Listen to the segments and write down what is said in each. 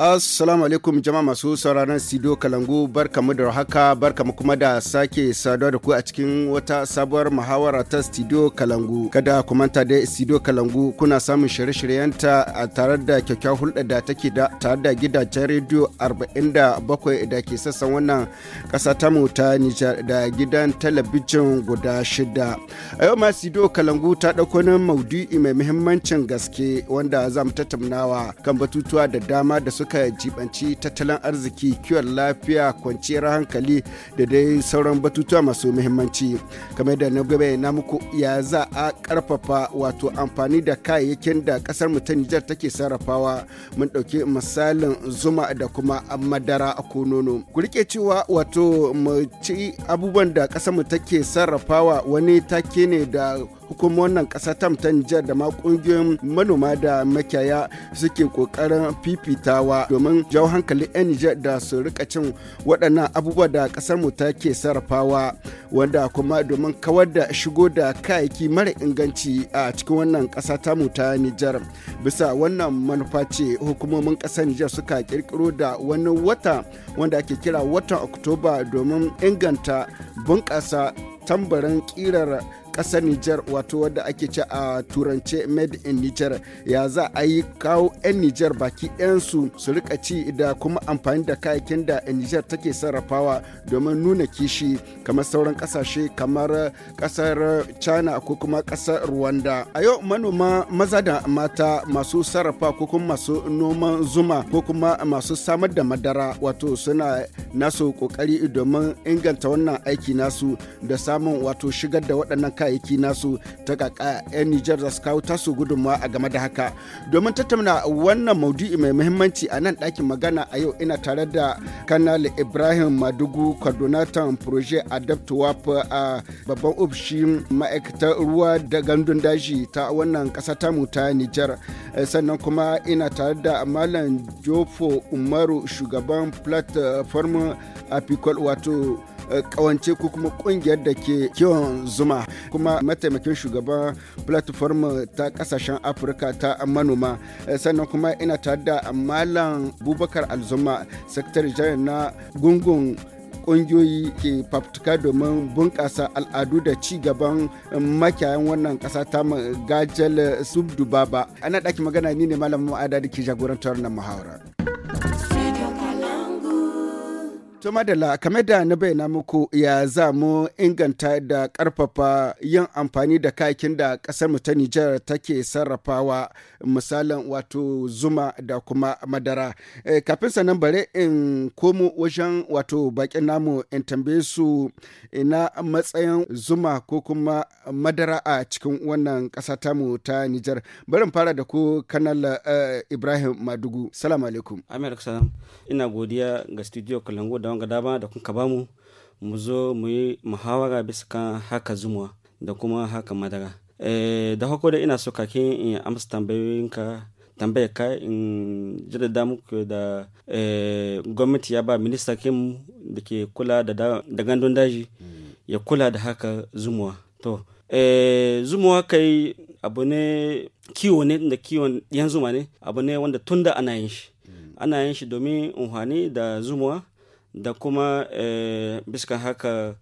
Assalamu alaikum jama'a masu sauraron studio Kalangu barkamu da haka barkamu kuma da sake saduwa da ku a cikin wata sabuwar muhawara ta studio Kalangu. Kada ku manta da studio Kalangu kuna samun shirye-shiryenta a tare da kyakkyawar hulɗa da take da tare da gidajen rediyo 47 da ke sassan wannan ƙasa ta mu ta Nijar da gidan talabijin guda shida. A yau ma studio Kalangu ta ɗauko nan maudu'i mai muhimmancin gaske wanda za mu tattaunawa kan batutuwa da dama da su. suka jibanci tattalin arziki kiwon lafiya kwanciyar hankali da dai sauran batutuwa masu muhimmanci kamar da na gaba na muku ya za a karfafa wato amfani da kayayyakin da kasar mu ta Nijar take sarrafawa mun dauke misalin zuma da kuma madara a nono ku rike cewa wato mu ci abubuwan da kasar mu take sarrafawa wani take ne da hukumomin wannan kasa ta Nijar da ma ƙungiyoyin manoma da makiyaya suke ƙoƙarin fifitawa domin jawo hankali 'yan Nijar da su rika cin waɗannan abubuwa da ƙasar mu take sarrafawa wanda kuma domin kawar da shigo da kayayyaki mara inganci a cikin wannan ƙasa ta mu ta Nijar. Bisa wannan manufa ce hukumomin ƙasar Nijar suka ƙirƙiro da wani wata wanda ake kira watan Oktoba domin inganta bunƙasa tambarin ƙirar ƙasar Nijar wato wadda ake ce a turance made in Nijar ya za a yi kawo 'yan Nijar baki 'yan su rika ci da kuma amfani da kayakin da Nijar take sarrafawa domin nuna kishi kamar sauran kasashe kamar kasar China ko kuma kasar Rwanda. A yau manoma maza da mata masu sarrafa ko kuma masu noman zuma ko kuma masu samar da madara wato suna nasu ƙoƙari domin inganta wannan aiki nasu da samun wato shigar da waɗannan kayakin kayayyaki nasu ta kaka 'yan Nijar da su kawo tasu gudunmawa a game da haka. Domin tattauna wannan maudu'i mai muhimmanci a nan ɗakin magana a yau ina tare da Kanal Ibrahim Madugu Coordinator adapt Wap a babban ofishin ma'aikatar ruwa da gandun daji ta wannan ƙasa tamu ta Nijar. Eh, sannan kuma ina tare da Malam Jofo Umaru shugaban platform apicol wato kawance eh, ko kuma kungiyar da ke kiwon zuma. kuma mataimakin shugaban platform ta kasashen afirka ta manoma eh, sannan kuma ina tare da malam bubakar alzuma sakatare janar na gungun kungiyoyi ke faftuka domin bunƙasa al'adu da ci gaban makiyayan wannan ƙasa ta gajal subdubaba ana ɗaki magana ni ne malamin ma'ada da ke jagorantar na muhawara. To madalla kamar da na bayyana muku ya za mu inganta da karfafa yin amfani da kayakin da kasar mu ta Nijar take sarrafawa misalin wato zuma da kuma madara. E, Kafin sanan bare in komo wajen wato bakin namu in tambaye su ina matsayin zuma ko kuma madara a cikin wannan ta mu ta Nijar. Barin fara da ku kanal uh, Ibrahim Madugu. Salam alaikum. Amir Ina godiya ga studio da. da gada dama da kuka bamu mu zo mu yi muhawara bisa kan haka zumuwa da kuma haka madara eh, da hako da ina so kake in amsa tambayoyinka tambayar ka in jaddada muku da eh, gwamnati ya ba minista mu da ke kula da gandun daji ya kula da haka zumuwa to eh, zumuwa kai abu ne kiwo ne da kiwon yan zuma ne abu ne wanda tunda ana yin shi ana yin shi domin unhani da zumuwa da kuma eh, biska haka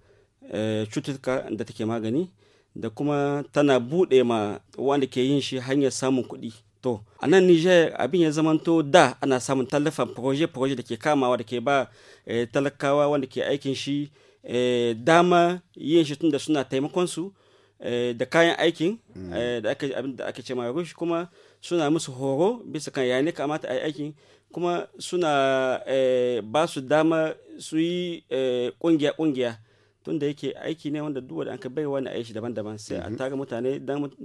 eh, cututtuka da take magani da kuma tana buɗe ma wanda ke yin shi hanyar samun kuɗi to a nan niger abin ya zamanto da ana samun tallafin proje-proje da ke kamawa da ke ba eh, talakawa wanda ke aikin shi dama yin shi tun da suna taimakonsu su Eh, da kayan aikin mm. eh, da aka abin da aka ce ma rush kuma suna musu horo bisa kan ya ne kamata a yi aikin kuma suna eh, ba su dama su yi kungiya-kungiya tun da yake aiki ne wanda duk wanda an ka bai wani aiki daban-daban sai a mm-hmm. tara mutane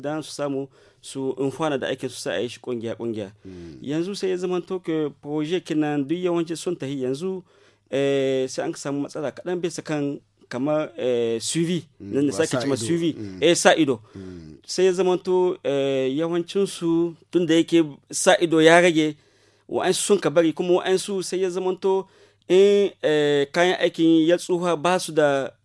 dan su samu su infana da aikin su sai a shi kungiya-kungiya mm. yanzu sai ya zama toke proje nan duk yawanci sun tahi yanzu sai an samu matsala kaɗan bisa kan kamar eh, suvi mm, nan da sake cima suvi mm. eh sa ido mm. sai ya zamanto eh, yawancinsu tun da yake sa ido ya rage wa'ansu sun ka bari kuma wa'ansu sai ya zamanto in eh, kayan aikin ya tsuha ba su da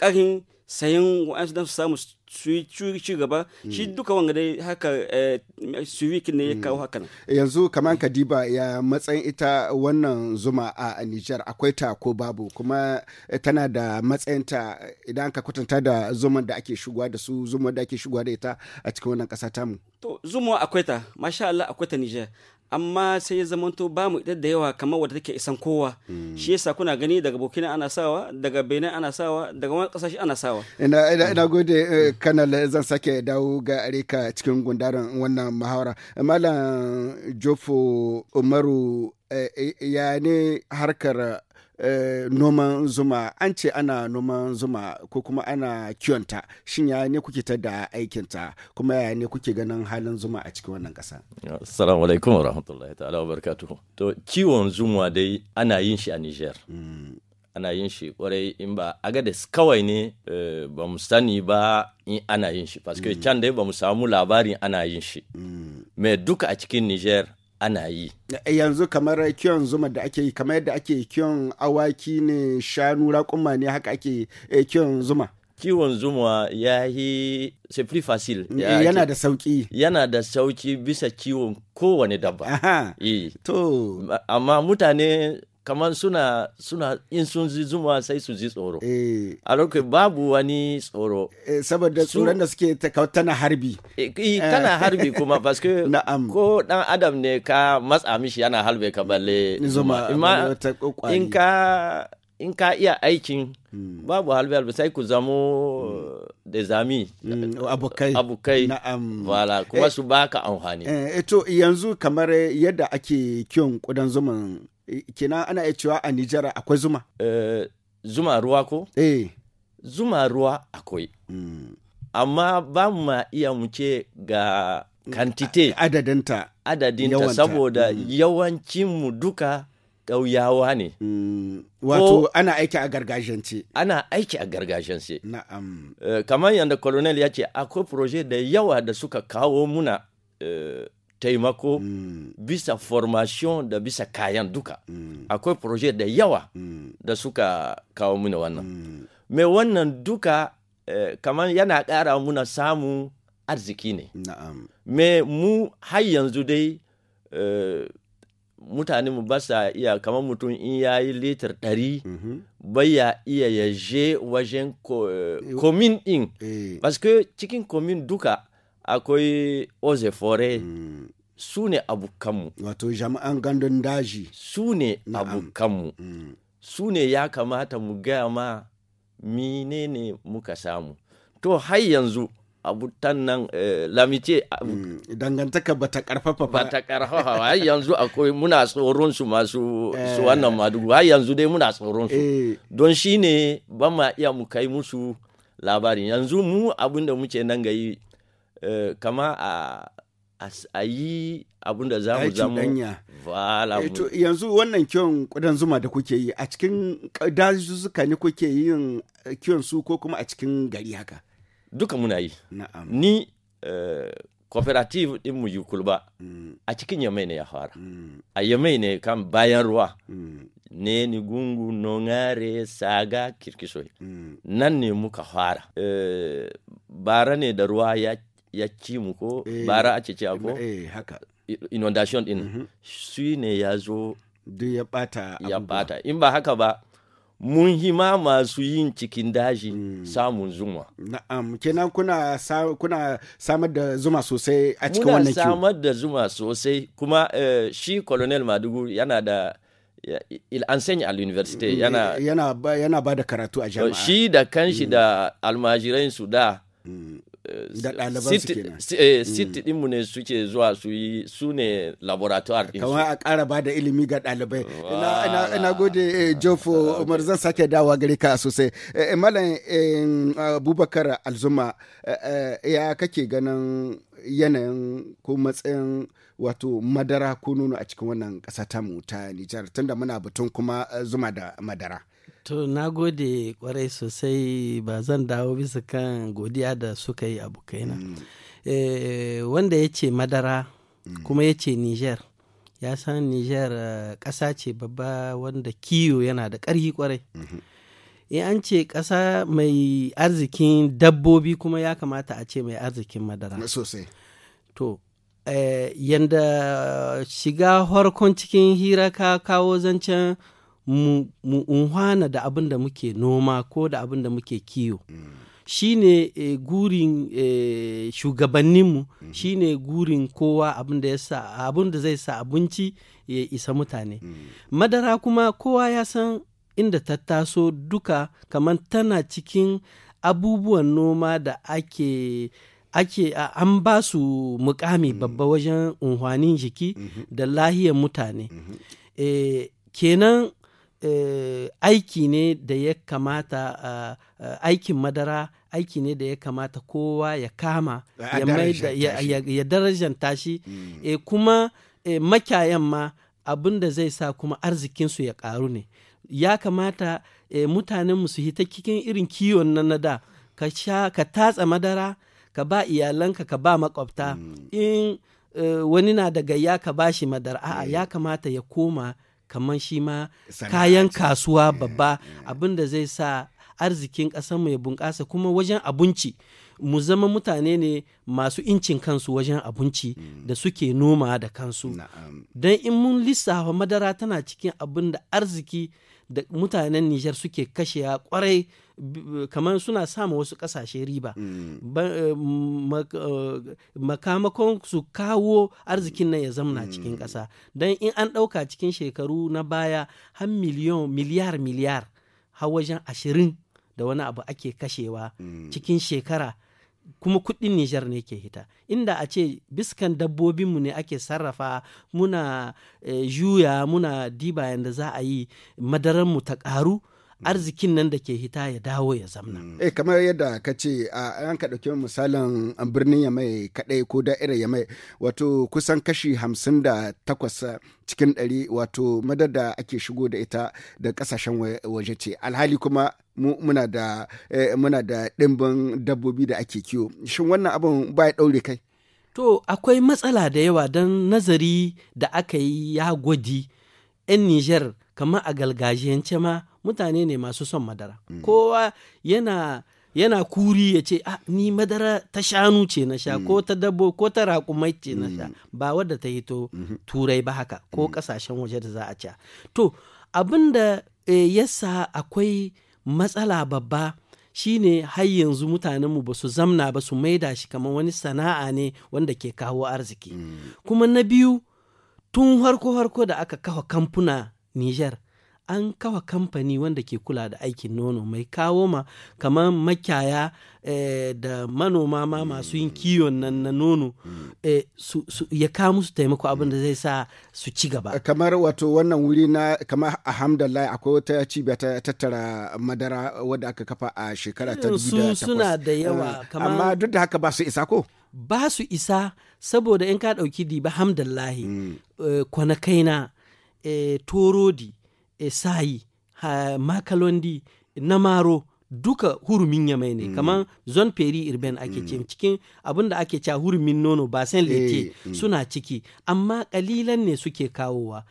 karin sayan wa'ansu don su samu suwi ci gaba hmm. shi duka wanga dai haka eh, suwik ne ya hmm. kawo haka yanzu kamar ka diba ya matsayin ita wannan zuma a Nijar akwai ta ko babu kuma eh, tana da matsayinta idan ka kwatanta da zuman da ake shigowa da su zuma da ake shigowa da ita a cikin wannan kasa tamu to zuma akwai ta masha Allah akwai ta Nijar amma sai ya zamanto ba mu da yawa kamar wadda take isan kowa hmm. shi yasa kuna gani daga bokina ana sawa daga benin ana sawa daga wani kasashe ana sawa ina ina, ina gode eh, kanal eh, zan sake dawo ga areka cikin gundarin wannan muhawara malam jofo umaru eh, ya ne harkar Eh, noman zuma an ce ana noman zuma ko kuma ana kiwonta shin ya ne kuke ta da aikinta kuma ya ne kuke ganin halin zuma a cikin wannan kasa assalamu alaikum warahmatullahi ta'ala wa to kiwon zuma dai ana yin shi a Niger mm. ana yin shi kwarai in ba agades kawai ne eh, ba mu sani ba in ana yin shi parce mm. can dai ba mu samu labarin ana yin shi mai mm. me duka a cikin Niger ana yi. Eh, yanzu kamar kiyon zuma da ake yi, kamar yadda ake kiyon awaki ne shanu raƙuma ne haka ake eh, kiyon zuma. Kiwon zuma ya yi sefri fasil. Eh, yana da sauki. Yana da sauki bisa kiwon kowane dabba. To. Amma mutane kamar suna suna in sun ji zuma sai su ji tsoro eh. a lokacin babu wani tsoro eh, saboda tsoron da suke tana harbi eh, tana harbi kuma paske ko dan adam ne ka matsa mishi yana halbe ka balle zuma in ka in ka iya aikin hmm. babu halbe halbe sai ku zamo hmm. da zami hmm, abokai abokai na'am wala kuma su baka amfani eh, to yanzu kamar yadda ake kyon kudan zuman kenan ana iya cewa a Nijar akwai zuma. Uh, zuma ruwa ko? Eh. Zuma ruwa akwai. Mm. Amma ba mu ma iya mu ce ga kantite. Adadinta. Adadinta saboda mm. yawancinmu duka ƙauyawa ne. Mm. Wato ana aiki a gargajiyance. Ana aiki a gargajiyance. Na'am. Um. Uh, kamar yadda colonel ya ce akwai proje da yawa da suka kawo muna uh, taimako mm. bisa formation da bisa kayan duka mm. akwai projet da yawa mm. da suka kawo muna wannan mm. me wannan duka eh, kamar yana ƙara muna samu arziki ne me mu har yanzu dai eh, mutane mu ba sa iya kamar mutum in ya yi litar ɗari mhm. bai ya baya iya yaje je wajen eh, komin ɗin eh. cikin komin duka akwai ozefore mm. su ne abokanmu wato jama'an gandun daji su ne abokanmu mm. su ne ya kamata mu gaya ma mine ne muka samu to har yanzu abutan nan eh, lamice abu... Mm. dangantaka ba ta karfafa ba ta karfafa har yanzu akwai muna tsoron su masu su eh. wannan madugu har yanzu dai muna tsoron su eh. don shine ba ma iya mu kai musu labarin yanzu mu abinda muke nan ga yi Eh, kama a a yi abin da zamu zamu eh, to yanzu wannan kiwon kudan zuma da kuke yi a cikin dazuzuka ne kuke yin eh, kiwon su ko kuma a cikin gari haka duka muna yi ni cooperative din mu yukulba mm. a cikin yamai ne ya fara mm. a yamai ne kan bayan ruwa mm. ne ni gungu nongare saga kirkisoi nan ne muka fara bara ne da ruwa ya ya ci mu ko eh, bara a cece ko eh, inundation din mhm. shi ne ya zo duk ya bata ya bata in ba haka ba mun hima masu yin cikin daji mm. samun zuma. Na'am, kenan kuna sa, kuna samar da zuma sosai a cikin wannan kiwo. Muna samar da zuma sosai kuma uh, shi Colonel Madugu yana da il enseigne à l'université mm, yana yana ba, yana ba da karatu a jami'a. Shi da kanshi mm. da almajiran su da mm. Eh, da din su siti eh, mm. ne suke zuwa su yi su ne laboratoire din kamar a ƙara ba da ilimi ga ɗalibai ina gode eh, jofo umar zan sake dawa gare ka sosai malam abubakar alzuma ya kake ganin yanayin ko matsayin wato madara ko nono a cikin wannan ƙasa mu ta nijar tunda muna batun kuma zuma da madara To, na gode kwarai sosai ba zan dawo bisa kan godiya da suka yi abokaina. Mm. Eh, wanda ya ce madara mm. kuma ya ce Niger. Ya san Niger eh, ƙasa ce babba wanda kiwo yana da ƙarfi kwarai. Mm-hmm. In an ce ƙasa mai arzikin dabbobi kuma ya kamata a ce mai arzikin madara. Sosai. To, eh, yanda shiga harkon cikin hira ka kawo zancen mu unhwana da abin da muke noma ko da abin da muke kiyo shine ne eh, gurin eh, shugabanninmu shi ne gurin kowa abin da zai sa abinci ya isa mutane madara kuma kowa ya san inda ta taso duka kamar tana cikin abubuwan noma da ake ake an ba su mukami babba wajen unhwanin jiki mhm. da lahiyar mutane eh, kenan Eh, aiki ne da ya kamata eh, eh, aikin madara aiki ne da ya kamata kowa ya kama ya darajanta shi mm. kuma makiyayan ma abin da zai sa kuma arzikinsu ya karu ne ya kamata mutanen su hita cikin irin kiwon nan na da ka sha ka tatsa madara ka ba iyalanka ka ba makwabta mm. in wani na daga ya ka bashi shi madara a'a ya kamata ya koma kamar shi ma kayan kasuwa eh, babba eh. abin da zai sa arzikin mu ya bunƙasa kuma wajen abinci mu zama mutane ne masu incin kansu wajen abinci hmm. da suke noma da kansu don in mun lissafa madara tana cikin abin da arziki da mutanen nijar suke kashewa kwarai kamar suna sama wasu kasashe riba mm. eh, eh, makamakon su kawo arzikin nan ya zamna mm. cikin ƙasa don in an ɗauka cikin shekaru na baya har miliyan miliyar miliyar har wajen ashirin da wani abu ake kashewa mm. cikin shekara kuma kuɗin Nijar ne ke hita inda a ce biskan dabbobinmu ne ake sarrafa muna eh, juya muna diba yadda za a yi mu ta ƙaru Mm. arzikin nan da ke hita ya dawo ya zamna. Mm. Eh kamar yadda ka ce an ka ɗauki misalin birnin Yamai kaɗai ko da'irar Yamai wato kusan kashi hamsin da takwas eh, cikin ɗari wato madar da ake shigo da ita da ƙasashen waje ce alhali kuma mu muna da eh, muna da ɗimbin dabbobi da ake kiwo shin wannan abin ba ɗaure kai. To akwai matsala da yawa don nazari da aka yi ya gwaji 'yan Nijar kamar a galgajiyance ma mutane ne masu son madara mm. kowa yana yana kuri ya ce ah ni madara ta shanu ce na sha ko mm. ta dabbo ko ta raƙumai ce na sha mm. ba wadda ta hito mm-hmm. turai ba haka ko mm-hmm. ƙasashen waje da za a ci to abin da eh, yasa akwai matsala babba shine har yanzu mutanenmu ba su zamna ba su maida shi kamar wani sana'a ne wanda ke kawo arziki kuma na biyu tun harko-harko da aka kafa kamfuna Nijar an kawa kamfani wanda ke kula da aikin nono mai kawo ma kamar makyaya eh, da manoma ma masu yin kiwon nan na nono eh, su, su, ya ka musu taimako abin da zai sa su ci gaba kamar wato wannan wuri na kamar alhamdulillah akwai wata cibiya ta tattara madara wadda aka kafa a shekara ta su suna da yawa eh, amma duk da haka ba su isa ko ba su isa saboda in ka ɗauki diba hamdallahi mm. uh, eh, kwanakaina uh, torodi esayi sayi makalondi na maro duka hurumin yamai ne mm. kamar zon peri irben ake ce mm. cikin abinda ake cewa hurumin nono ba san leke suna ciki amma kalilan ne suke kawowa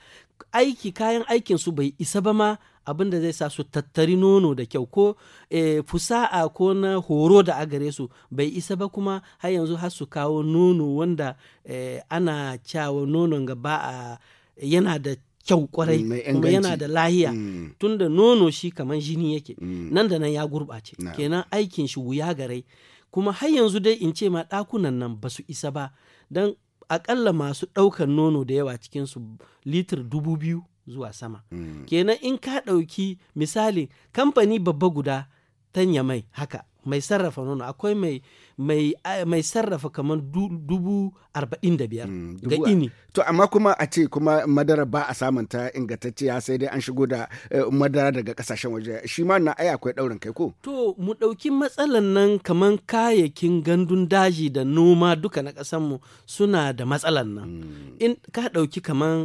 aiki kayan aikin su bai isa ba ma abinda zai sa su tattari nono da kyau ko e, fusa'a ko na horo da a gare su bai isa ba kuma har yanzu har su kawo nono wanda e, ana cewa nono ga ba a yana da kyau kwarai mm, kuma yana da lahiya mm. tunda nono shi kamar jini yake mm. nan da nan ya gurɓace kenan aikin shi wuya garai kuma har yanzu dai in ce ma ɗakunan nan ba su isa ba don akalla masu ɗaukar nono da yawa cikin su litir dubu biyu zuwa sama kenan in ka ɗauki misali kamfani babba guda ta mai haka mai sarrafa nono akwai mai mai eh, sarrafa kamar dubu arba'in da biyar mm, ga ini to amma kuma a ce kuma madara ba a samun ta ingantacciya sai dai an shigo da eh, madara daga kasashen waje shi ma na ai akwai daurin kai ko to mu dauki matsalan nan kamar kayayyakin gandun daji da noma duka na kasan mu suna da matsalan nan mm. in ka dauki kamar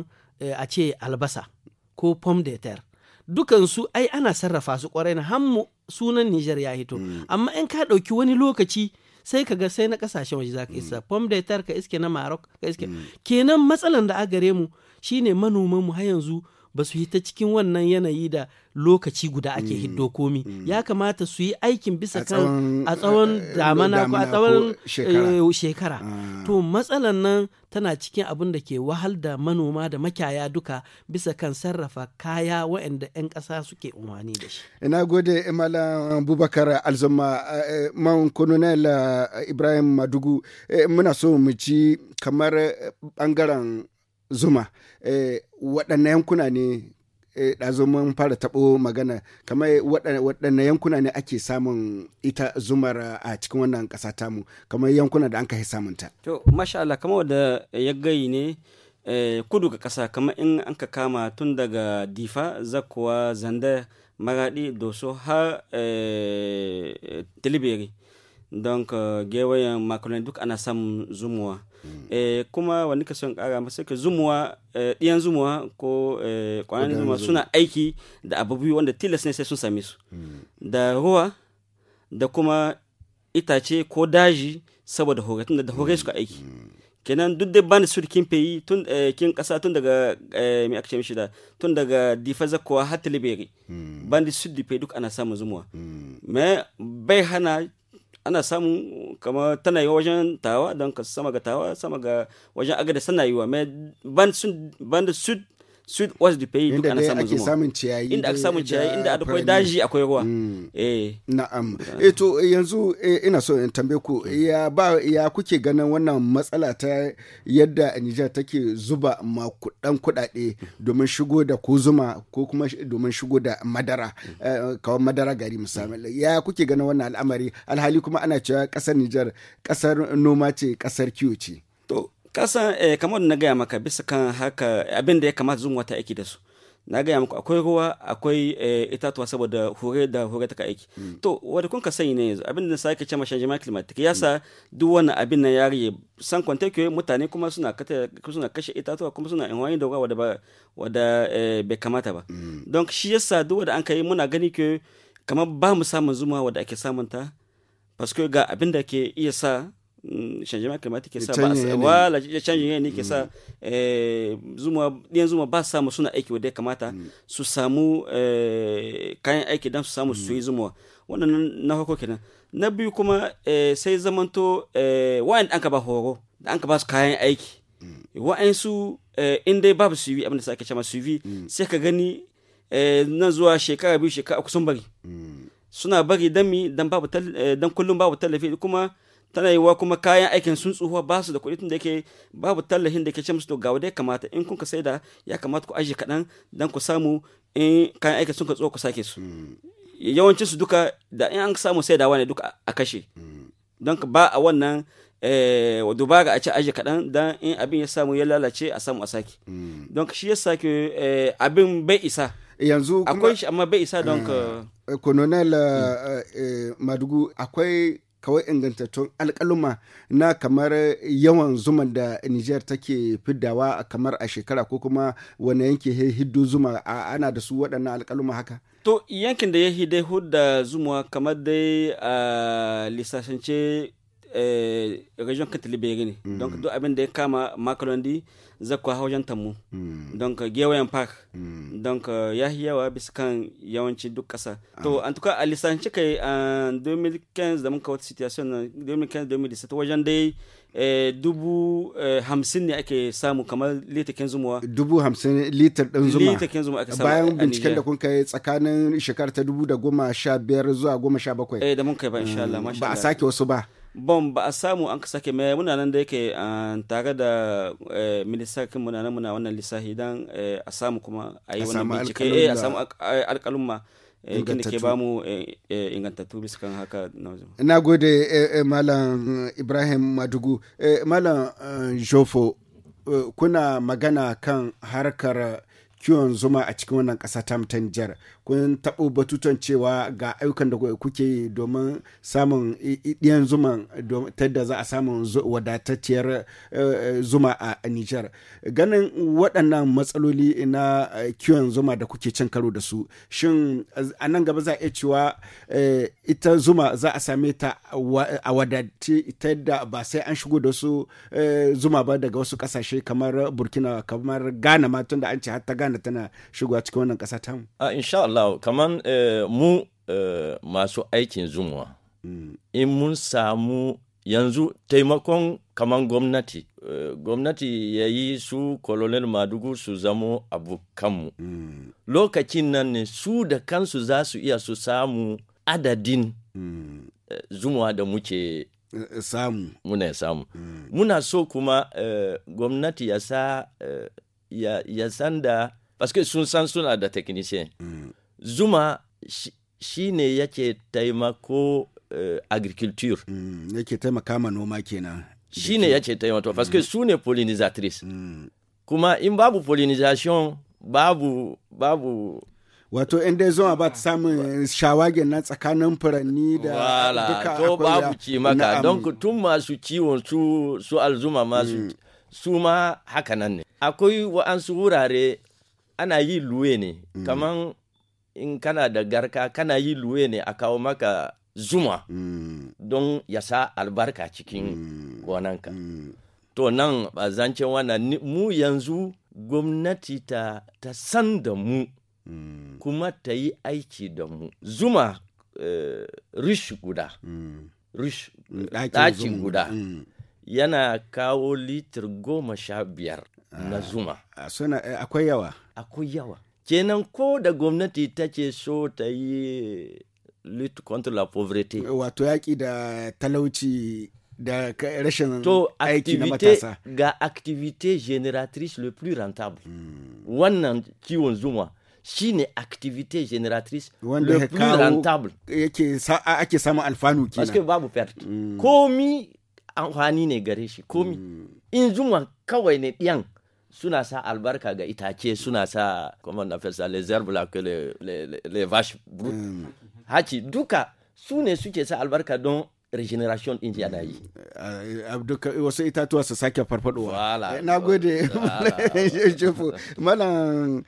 eh, a ce albasa ko pom de terre dukansu ai ana sarrafa su kwarai na hammu sunan Nijar ya hito mm. amma in ka ɗauki wani lokaci sai ka ga sai na ƙasashen waje zaka isa mm. pom da ka iske na Maroc ka iske mm. kenan matsalan da a gare mu shine manoman mu har yanzu ba su ta cikin wannan yanayi da lokaci guda ake mm. hiddo komi mm. ya kamata su yi aikin bisa kan a tsawon eh, damana ko a tsawon shekara eh, ah. to matsalan nan tana cikin abin da ke wahal da manoma da makyaya duka bisa kan sarrafa kaya waɗanda 'yan ƙasa suke umarni da shi ina gode imala eh, bubakar alzumma man kononel ibrahim madugu muna so mu ci kamar bangaren zuma eh, yankuna ne eh, ɗazu mun fara taɓo magana kamar waɗanne yankuna ne ake samun ita zumar a cikin wannan ƙasa tamu kamar yankuna da an kai samun ta. To, masha Allah, kamar da ya gayi ne eh, kudu ga ƙasa kamar in an ka kama tun daga difa zakuwa zanda maraɗi doso har eh, tilibiri. donc euh, gewayen makaroni duk ana samun zumuwa hmm. eh, kuma wani ka son kara masu ka zumuwa ɗiyan eh, zumuwa ko kwanan eh, zumuwa suna aiki da abubuwa wanda tilas ne sai sun same su hmm. da ruwa da kuma itace ko daji saboda horatun da horai hmm. suka aiki kenan duk dai bani su kin fayi tun kin kasa tun daga mai aka mishi da tun daga difaza kowa hatta liberi bani su di duk ana samun zumuwa me bai hana ana samun kama tana yi wajen tawa don ka sama ga tawa sama ga wajen agada sana yi wa mai ban da sud sud west du pays duk ana samun zuma samun ciyayi inda aka samun ciyayi inda akwai daji akwai ruwa mm. eh na'am eh to eh, yanzu eh, ina so in tambaye ku mm. ya ba ya kuke ganin wannan matsala ta yadda Niger take zuba makudan kudade mm. domin shigo da kuzuma zuma ko kuma domin shigo da madara eh, kawai madara gari misali ya kuke ganin wannan al'amari alhali kuma ana cewa kasar Niger kasar noma ce kasar kiwo ce kasa eh, kamar na gaya maka bisa kan haka abinda ya kamata zuwa ta aiki da su na gaya maka akwai ruwa akwai eh, itatuwa saboda hure da hure ta aiki hmm. to wadda kun ka sani ne yanzu abin da sake cewa shan climatic ya sa duk wani abin na yari san ke mutane kuma suna suna kashe itatuwa kuma suna inwani da ruwa wadda eh, bai kamata ba hmm. don shi yasa duk wadda an kai muna gani ke kamar ba mu samun zuma wadda ake samunta paske ga abin da ke iya sa shanje mm, mm. eh, ma kamata ke sa ba wala canjin yanayi ke sa zuma ɗiyan zuma ba samu suna aiki wadda ya kamata su samu kayan aiki don su samu su yi zuma wannan na hako kenan na biyu kuma sai zamanto eh, wa'anda an ka ba horo da an ka ba su kayan mm. aiki su eh, in dai babu yi abinda sa ake su yi sai ka gani nan zuwa shekara biyu shekara kusan bari suna bari dan mi dan kullum babu tallafi kuma tana yiwuwa kuma kayan aikin sun tsuhuwa ba su da kuɗi tun da yake babu tallafin da ke ce musu to ga wadai kamata in kun ka saida ya kamata ku aje kaɗan dan ku samu in kayan aikin sun ka tsuwa ku sake su hmm. yawancin su duka da in an samu da ne duka a kashe hmm. don ba a wannan wa eh, ga a ce aje kaɗan don in abin ya samu ya lalace a samu a sake hmm. don shi ya sake eh, abin bai isa yanzu akwai shi amma bai isa don ka kononel eh, madugu akwai kawai ingantattun alkaluma na kamar yawan zuman da Nijar take fiddawa kamar a shekara ko kuma wani yanki hiddu zuma ana da su waɗannan alkaluma haka? To yankin da ya hidai hudda zuma kamar dai a lissashance region katilibere ne don duk abin da ya kama di zakwa hau haujen tamu don ka gewayen park don ka ya yawa bisa kan yawanci duk kasa ah. to an tuka a lissanci kai a 2015 da muka wata situation 2015-2017 wajen dai dubu hamsin ne ake samu kamar litakin zumuwa dubu hamsin litar ɗin zuma litakin zuma ake samu bayan binciken da kun kai tsakanin shekara ta dubu da goma sha biyar zuwa goma sha bakwai eh, da mun kai ba insha mm. Allah ba a sake wasu ba bon ba a samu an ka sake mai muna nan da yake ah, tare da eh, ministakin muna nan muna wannan lissafi don eh, a samu kuma a yi wani bincike eh, a samu alkalumma da ke bamu ingantattu bisa kan haka na gode malam ibrahim madugu malam jofo kuna magana kan harkar kiwon zuma a cikin wannan ƙasa ta jihar kun taɓo batutan cewa ga ayyukan da kuke yi domin samun ɗiyan zuma ta yadda za a samun wadatacciyar eh, eh, zuma a Nijar. Ganin waɗannan matsaloli na eh, kiwon zuma da kuke cin karo da su, shin a nan gaba za a iya cewa ita zuma za a same ta a wadace ta yadda ba sai an shigo da su zuma ba daga wasu ƙasashe kamar Burkina kamar Ghana ma tun da an ce har ta Ghana tana shigowa cikin wannan ƙasa ah, Insha Allah Allah kaman eh, mu eh, masu aikin zumuwa mm. in mun samu yanzu taimakon kaman gwamnati eh, gwamnati ya yi su kolonel madugu su zamo abokanmu mm. lokacin nan ne su da kansu za su iya su samu adadin mm. zumuwa da muke samu muna samu mm. muna so kuma uh, gwamnati ya sa ya, san da paske sun san suna da technician mm. zuma shi ne yake taimako uh, agriculture mm, yake taimaka ma noma kenan shi ne yake taimako parce que mm. su ne pollinisatrice mm. kuma in babu pollinization babu babu wato in dai zuwa ba ta samun shawagen na tsakanin furanni da wala to babu ci maka don tun masu ciwon su su alzuma masu mm. su ma haka nan ne akwai wa'ansu wurare ana yi luwe ne mm. kaman in kana da garka kana yi luwe ne a kawo maka zuma mm. don ya sa albarka cikin gonanka mm. to nan ba zancen wannan mu yanzu gwamnati ta, ta san da mu mm. kuma ta yi aiki da mu zuma uh, eh, rish guda rish ɗakin guda mm. yana kawo litir goma sha biyar na ah, zuma ah, eh, akwai yawa akwai yawa kenan ko da gwamnati ce so ta yi lit contre la pauvreté wato yaƙi da talauci da rashin aiki na matasa ga activité génératrice le plus rentable wannan kiwon zuma shine activité génératrice Wanda le plus rentable yake sa, ake samun alfanu kenan parce que babu perte mm. komi amfani ne gare shi komi mm. in zuma kawai ne ɗiyan suna sa albarka ga itace suna sa comment on appelle ça les herbes là que les, les, vaches brutes mm. haci duka su ne suke sa albarka don regeneration din yana yi. abduka eh, eh, wasu itatuwa su sake farfadowa. Eh, na gode, Jefu. Malam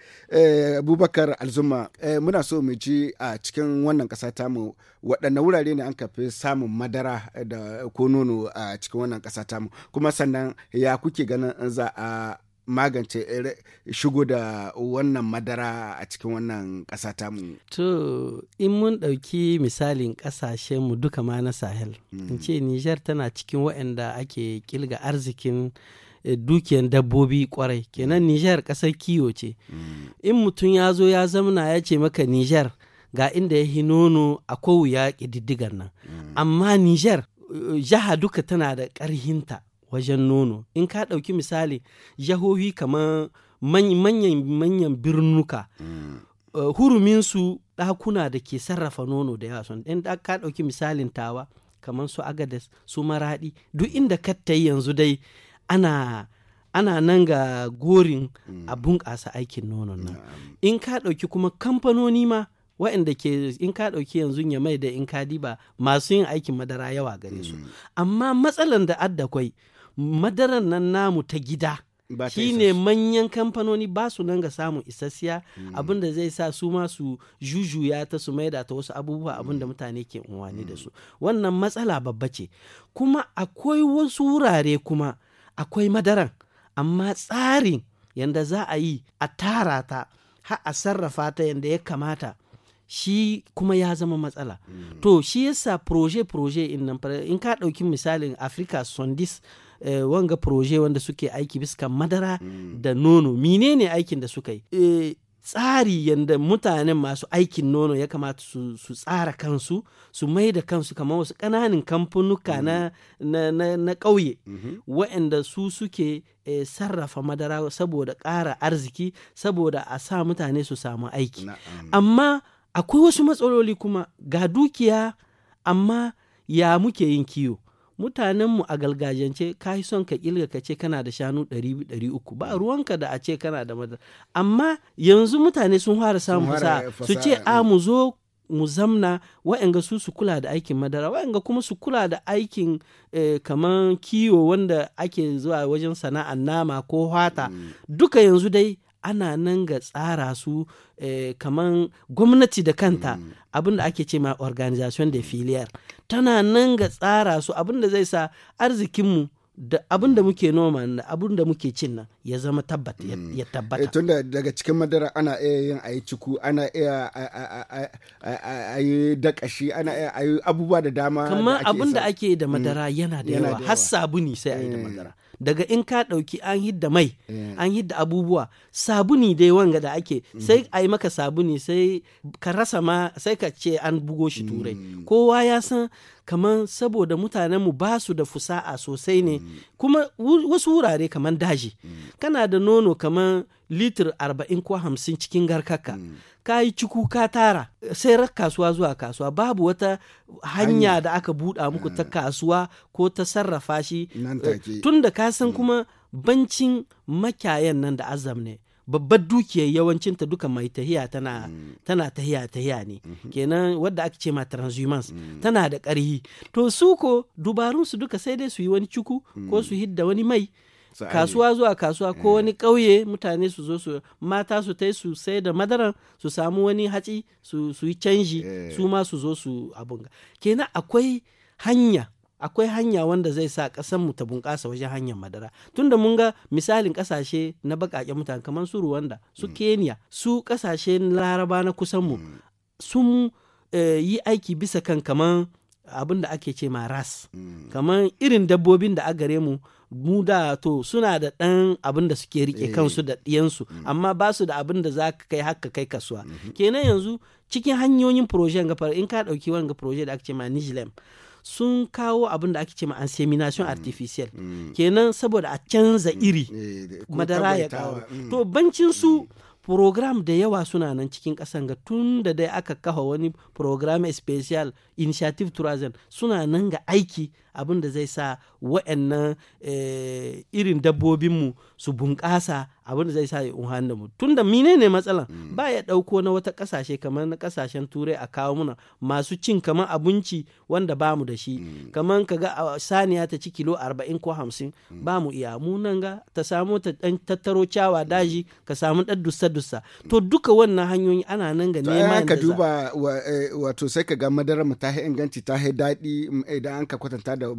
Abubakar Alzuma, muna so mu ji a cikin wannan kasa ta mu waɗanne wurare ne an kafi samun madara da ko nono a cikin wannan kasa ta mu Kuma sannan ya kuke ganin za a magance shigo da wannan madara a cikin wannan ƙasa mu To, in mun ɗauki misalin mu duka ma na Sahel, in ce hmm. Nijar tana cikin waɗanda ake kilga arzikin eh, dukiyan dabbobi kwarai kenan Nijar ƙasar kiwo ce. Hmm. In mutum ya zo ya zamana ya ce maka Nijar ga inda ya hi nono akwai wuya ƙididdigar nan. Hmm. Amma Nijar eh, jiha duka tana da ƙarhinta. wajen nono in ka ɗauki misali jahohi kamar manyan manyan birnuka mm. eh, huruminsu ɗakuna da ke sarrafa nono da yawa sun ka ɗauki misalin tawa kamar su agadas su maraɗi duk inda ka yi yanzu dai ana ana nan ga gorin mm. a bunƙasa aikin nonon nan in ka ɗauki kuma kamfanoni ma waɗanda ke in ka ɗauki yanzu ya mai da in ka diba masu yin aikin madara yawa gare su mm. amma matsalar da adda kwai madaran nan namu ta gida shi ne manyan kamfanoni ba su nan ga samun isassiya hmm. abinda zai sa su ma su jujuya ta su maida ta wasu abubuwa abinda hmm. mutane ke unwani da su hmm. wannan matsala babba ce kuma akwai wasu wurare kuma akwai madaran amma tsarin yadda za a yi a tara ta har a sarrafa ta yanda ya kamata shi kuma ya zama matsala to shi yasa proje-proje in ka ɗauki misalin africa sondis Eh, wanga proje wanda suke aiki bisa madara mm. da nono menene aikin da suka yi eh, tsari yadda mutanen masu aikin nono ya kamata su, su tsara kansu su mai da kansu kamar wasu ƙananan kamfanuka na, mm. na, na, ƙauye mm-hmm. waɗanda su suke e, sarrafa madara saboda ƙara arziki saboda a sa mutane su samu aiki amma akwai wasu matsaloli kuma ga dukiya amma ya muke yin kiwo mutanenmu a gargajiyance ka yi son ka ilga ka ce kana da shanu ɗari ɗari uku ba ruwanka da a ce kana da madara amma yanzu mutane sun fara samun sa su ce a mu zo mu zamna wa'anga su su kula da aikin madara wa'anga kuma su kula da aikin kamar eh, kaman kiwo wanda ake zuwa wajen sana'ar nama ko hata mm. duka yanzu dai ana nan ga tsara su eh, kamar gwamnati da kanta mm. abinda da ake ce ma organisation de filiyar tana nan ga tsara su abinda da zai sa arzikinmu da abin da muke noma da abin da muke cin nan ya zama tabbata mm. ya tabbata tun eh, tunda daga cikin madara ana iya yin a yi ciku ana iya yi dakashi ana iya yi abubuwa da dama kamar abin da ake da mm. madara yana da yawa har sabuni sai a yi da mm. madara daga in ka ɗauki an hidda mai eh. an hidda abubuwa sabuni dai wanga da ake mm. sai a yi maka sabuni sai ka rasa ma sai ka ce an bugo shi mm. turai kowa ya san kamar saboda mutanen mu basu da fusa'a sosai ne kuma wasu wurare kamar daji kana da nono kamar litir arba'in ko hamsin cikin garkaka ka yi ciku ka tara sai rak kasuwa zuwa kasuwa babu wata hanya da aka buɗa muku ta eh. kasuwa ko ta sarrafa shi eh, tun da ka san mm. kuma bancin makyayan nan da azam ne babbar dukiyar yawancinta duka mai tahiya tana mm. tana tahiya tahiya ne mm-hmm. kenan wadda ake ce ma transhumance mm. tana da ƙarhi to su ko dubarun su duka sai dai su yi wani cuku mm. ko su hidda wani mai kasuwa zuwa kasuwa ko eh. wani ƙauye mutane su zo su mata su tai su sai da madara su samu wani hatsi su yi canji eh. su ma su zo su abunga kenan akwai hanya akwai hanya wanda zai sa ƙasar mu ta bunƙasa wajen hanyar madara tunda mun ga misalin ƙasashe na baƙaƙen mutane kamar su Rwanda su mm. Kenya su ƙasashe Laraba na kusan mu mm. sun eh, yi aiki bisa kan kamar abin da ake ce ma ras mm. kamar irin dabbobin da a gare mu mu da to suna da ɗan abin da suke rike eh. kansu da ɗiyansu amma ba su da abin da za ka kai haka kai kasuwa mm-hmm. kenan yanzu cikin hanyoyin proje ga in ka ɗauki wani proje da ake ce ma nijlem sun kawo abin da ake ce ma insemination mm. artificial mm. kenan saboda a canza mm. iri eh, madara ya kawo to bancin su program da yawa suna nan cikin kasan ga tun da dai aka kafa wani program special initiative tourism suna nan ga aiki abin da zai sa wa'annan e, irin dabbobinmu su bunƙasa abin da zai sa ya unhan da mu tun da mine ne matsalan mm. ba ya ɗauko na wata ƙasashe kamar na ƙasashen turai a kawo muna masu cin kamar abinci wanda ba mu da shi mm. kamar ka ga saniya ta ci kilo arba'in ko hamsin mm. ba mu iya mu nan ga ta samu ta ɗan tattaro cawa daji mm. ka samu ɗan dusa dusa to duka wannan hanyoyi ana nan ga neman ka duba eh, wato sai ka ga madara mu ta inganci ta daɗi mm, idan an ka kwatanta da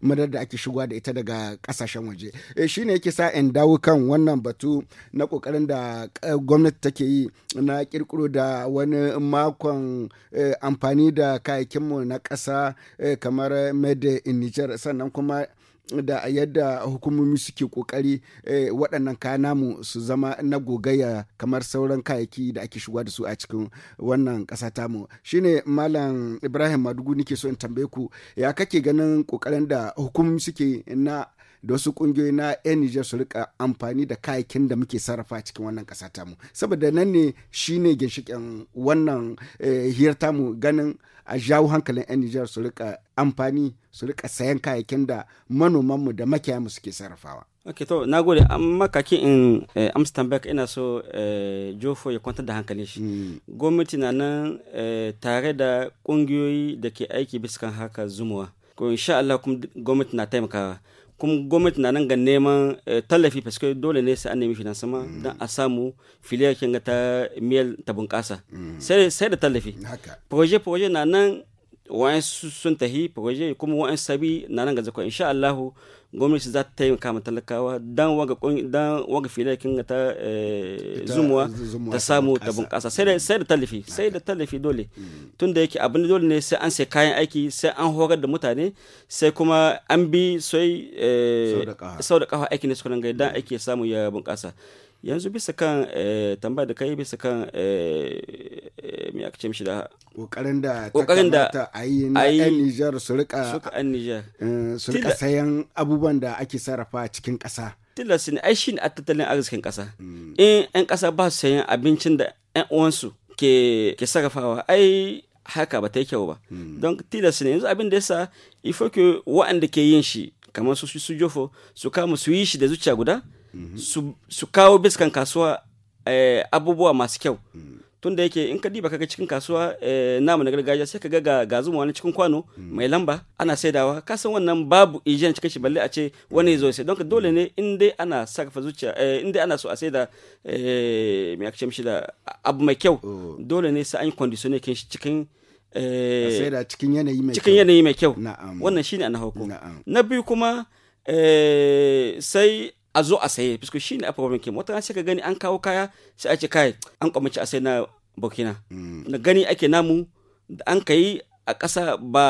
madar da ake shigowa da ita daga kasashen waje eh, shi ne yake sa in dawo kan wannan batu na kokarin da eh, gwamnati take yi na kirkiro da wani makon eh, amfani da kayakinmu na kasa kamar made in niger sannan kuma da yadda hukumomi suke kokari eh, waɗannan kaya namu su zama na gogayya kamar sauran kayayyaki da ake shigowa da su a cikin wannan ƙasa tamu shine malam ibrahim madugu nike so in tambaye ku ya kake ganin kokarin da hukumomi suke na da wasu kungiyoyi na 'yan Nijar su rika amfani da kayakin da muke sarrafa cikin wannan kasa tamu saboda nan ne shine ginshiƙin wannan eh, hiyar tamu ganin a jawo hankalin 'yan Nijar su rika amfani su rika sayan kayakin da manomanmu da makiyamu suke sarrafawa. ok to na gode makakin makaki in eh, amsterdam ina so eh, jofo ya kwantar da hankalin shi hmm. gwamnati na nan eh, tare da kungiyoyi da ke aiki bisa kan haka zumuwa ko insha Allah kuma gwamnati na taimakawa kuma gwamnati na nan ga neman eh, tallafi fasikai dole ne sai an nemi finansama mm. don a samu filiyar kin ta miyar ta bunƙasa mm. sai da tallafi proje proje na nan wa'ansu sun tahi waje kuma wa'ansu sabi na nan ga zakwa insha Allahu gwamnati za ta taimaka ma talakawa dan waga dan waga filakin eh, ta zumuwa ta samu ta bunƙasa sai da sai da tallafi sai da tallafi dole mm. tunda yake abin dole ne sai an sai kayan aiki sai an horar da mutane sai kuma an bi sai eh, sau da kafa aiki ne su kan ga dan aiki samu ya bunƙasa yanzu bisa kan eh, tambar da kai bisa kan eh, eh, me aka ce mishi da kokarin da kamata a ayi na yan Nijar su rika sayan abubuwan da ake sarrafa cikin ƙasa tilas ne ai ne a tattalin arzikin ƙasa hmm. in ƴan ƙasa ba su sayan abincin da ƴan uwansu ke sarrafawa ai haka ba ta yi kyau ba hmm. don tilas ne yanzu abin da yasa ifo ke wa'anda ke yin shi kamar su su jofo su kama su yi shi da zuciya guda Mhm. su kawo biskan kasuwa eh, abubuwa masu kyau mm. tun da yake in ka diba kaga cikin kasuwa eh, namu na gargajiya sai ka ga ga zuma wani cikin kwano mm. mai lamba ana saidawa ka san wannan babu ijiyan cikin shi balle a ce wani zo sai don dole ne in dai ana sarrafa zuciya eh, in dai ana so a saida mai aka ce da abu mai kyau oh. dole ne sai an yi conditioning cikin cikin yanayi mai kyau cikin yanayi mai kyau wannan shine a na hauko na biyu kuma sai a zo a saye fisko shi ne a problem ke wata sai ka gani an kawo kaya sai a ce kai an kwamace a sai na burkina na gani ake namu da an kai a ƙasa ba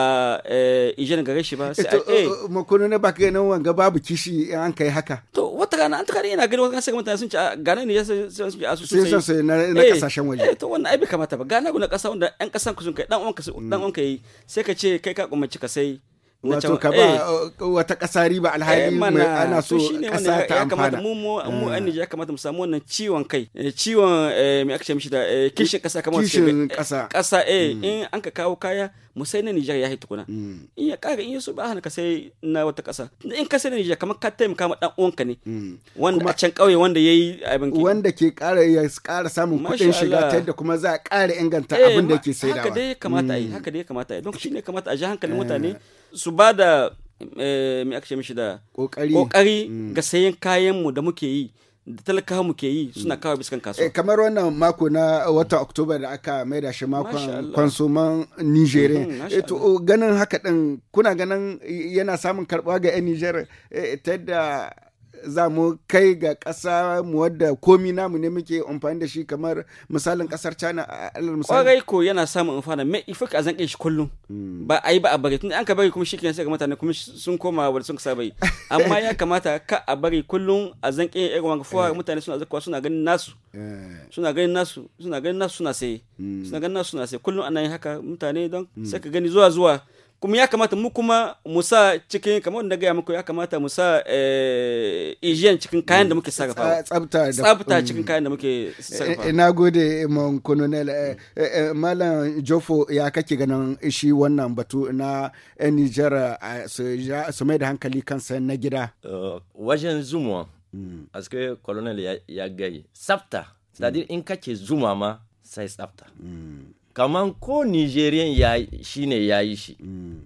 ijen gare shi ba sai eh makonu na baka ganin wanga babu kishi an kai haka to wata rana an ta yana gani wata sai mutane sun ce gana ne sun ce asu sai sun sai na kasashen waje to wannan ai bai kamata ba gana na ƙasa wanda ƴan ƙasan ku sun kai dan uwan ka dan uwan ka yi sai ka ce kai ka kwamace ka sai wato ka ba eh. uh, wata ƙasa riba alhali eh, ana so ƙasa ta amfana mu mu mu an ah. ya kamata mu samu wannan ciwon kai eh, ciwon me aka ce mishi da kishin ƙasa kamar kishin ƙasa ƙasa eh mm. in an ka kawo kaya mu sai na Nijar ya haitu kuna mm. in ya kaga in yaso ba hana ka sai na wata ƙasa in ka sai na Nijar kamar ka taimaka ma dan uwanka ne mm. wanda a can ƙauye wanda yayi abin wanda ke ƙara ya ƙara samun kuɗin shiga ta yadda kuma za a ƙara inganta abin da yake saidawa haka dai kamata a yi haka dai kamata a yi don ne kamata a ji hankalin mutane su ba da eh, me aka mishi da kokari mm. ga sayen kayanmu da muke yi da talakawa muke yi suna mm. kawo biskan kasuwa. Eh, kamar wannan mako na watan Oktoba da aka maida shi makon kwansoman Nigeria. Mm, eh, to ganin haka din kuna ganin yana samun karbuwa ga 'yan Niger eh, ta yadda za mu kai ga ƙasa mu wadda komi namu ne muke amfani da shi kamar misalin ƙasar China a alal misali. Kwarai ko yana samun amfana me ifuk ka zanƙin shi kullum. Hmm. Ba a yi ba a bari tun an ka bari kuma shi kenan sai ga mutane kuma sun koma wanda sun saba yi. Amma ya kamata ka a bari kullum a zanƙin irin wanga fuwa eh. mutane suna zakuwa eh. suna ganin nasu. Suna ganin nasu suna ganin nasu suna sai Suna ganin nasu suna sai kullum ana yin haka mutane don hmm. sai ka gani zuwa zuwa. kuma ya kamata mu kuma mu sa cikin kamar wanda gaya muku ya kamata mu sa eh, ijiyan cikin kayan da muke sarrafa tsabta tsabta mm. cikin kayan da muke sarrafa ina eh, eh, gode mon colonel malam jofo ya kake ganin shi wannan batu na Niger su mai da hankali kansa na gida wajen zumuwa mm. aske colonel ya gai tsabta c'est-à-dire mm. in kake zuma ma sai tsabta kamar ko nigerian ya ne ya yi shi mm.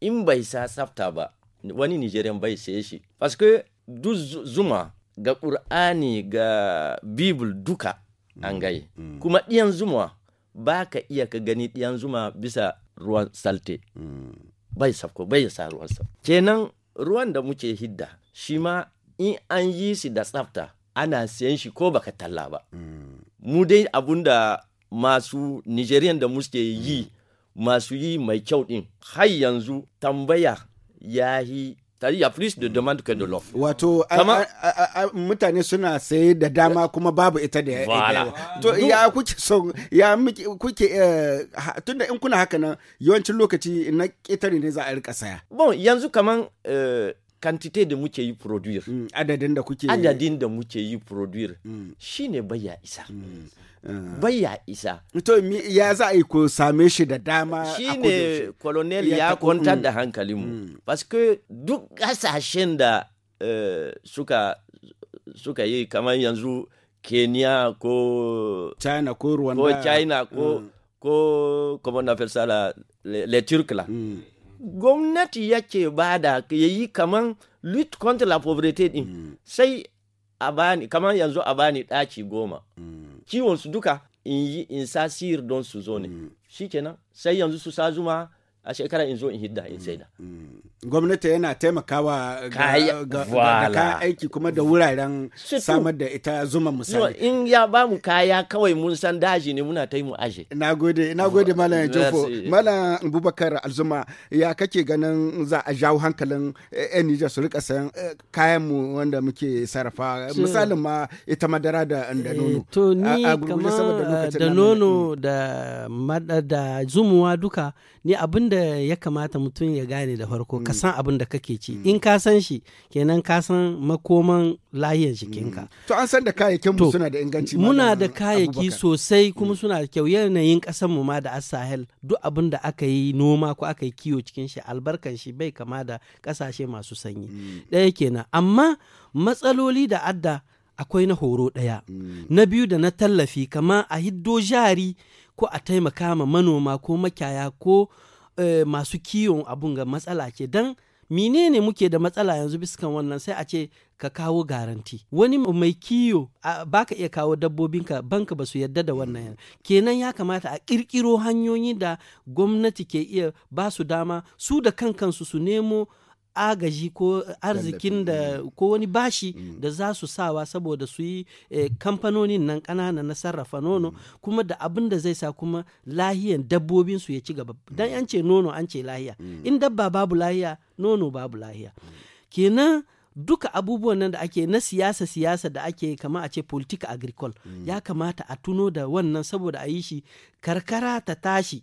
in bai sa tsafta ba wani nigerian bai saye shi paske duk zuma ga ƙur'ani ga bibul duka mm. an gai mm. kuma ɗiyan zuma ba ka iya ka gani ɗiyan zuma bisa ruwan salte bai safko bai sa ruwan sa kenan ruwan da muke hidda shi ma in an yi shi da tsafta ana siyan shi ko baka talla ba mu dai abun da masu nigerian da muske yi masu yi mai kyau din har yanzu tambaya ya yi tari ya plus de demande que de wato mutane suna saye da dama kuma babu ita da ya eh, eh, to ya kuke son ya kuke eh, tunda in kuna haka nan yawancin lokaci na ƙetare ne za a rika saya bon yanzu kaman kantite da muke yi produire. Mm, adadin da kuke adadin da muke yi produire. Mm. shine baya isa mm, eh. baya isa to ya za a yi ko same shi da dama shine colonel ya kwantar da hankalinmu parce que duk kasashen da eh, suka suka yi kamar yanzu kenya ko china ko rwanda ko china ko ko comment on appelle ça la les, turcs là gwamnati yake bada ya yi kaman lut contre la pauvreté din mm. sai a bani kaman yanzu a bani ɗaci goma mm. kiwon su duka in yi in sa sir don su zo ne mm. shikenan sai yanzu su sa zuma a shekara in zo in hidda in saida. Gwamnati yana taimakawa ga kayan aiki kuma da wuraren samar da ita zuma misali. In ya ba mu kaya kawai mun san daji ne muna taimu aje. Na gode, na gode Malam Jofo. Malam Abubakar Alzuma ya kake ganin za a jawo hankalin 'yan eh, Nijar su rika sayan eh, kayan mu wanda muke sarrafa. Misalin ma ita madara da eh, nono. To ni kama da nono mm. da zumuwa duka ni abin da ya kamata mutum ya gane da farko ka mm. san abin da kake ci mm. in ka san shi kenan ka san makoman layin mm. jikinka to an san da kayayyakin mu suna da inganci muna da kayayyaki sosai kuma suna da kyau yanayin kasan mu ma da asahel duk abin da aka yi noma ko aka yi kiwo cikin shi albarkan shi bai kama da kasashe masu sanyi ɗaya kenan amma matsaloli da adda akwai na horo daya na biyu da na tallafi kama a hiddo jari ko a taimaka ma manoma ko makyaya ko Eh, masu kiwon abun ga matsala ce dan menene muke da matsala yanzu biskan wannan sai a ce ka kawo garanti wani mai kiyo baka iya kawo dabbobinka banka ba su yadda da wannan yana kenan ya kamata a kirkiro hanyoyi da gwamnati ke iya ba su dama su da kankansu su nemo agaji ko arzikin da mm. ko wani bashi mm. da za su sawa saboda su yi eh, kamfanonin nan ƙanana na sarrafa nono mm. kuma da abin da zai sa kuma lahiyan dabbobin su ya ci gaba dan an ce nono an ce lahiya in dabba babu lahiya nono babu lahiya kenan duka abubuwan nan da ake na siyasa siyasa da ake kama a ce politika agricole ya kamata a tuno da wannan saboda a yi shi karkara ta tashi